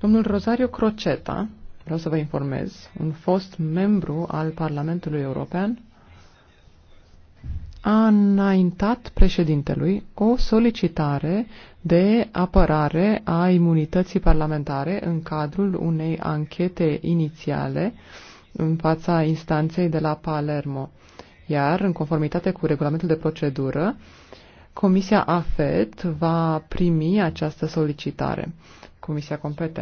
Domnul Rosario Croceta, vreau să vă informez, un fost membru al Parlamentului European, a înaintat președintelui o solicitare de apărare a imunității parlamentare în cadrul unei anchete inițiale în fața instanței de la Palermo. Iar, în conformitate cu regulamentul de procedură, Comisia AFET va primi această solicitare. Comisia competentă.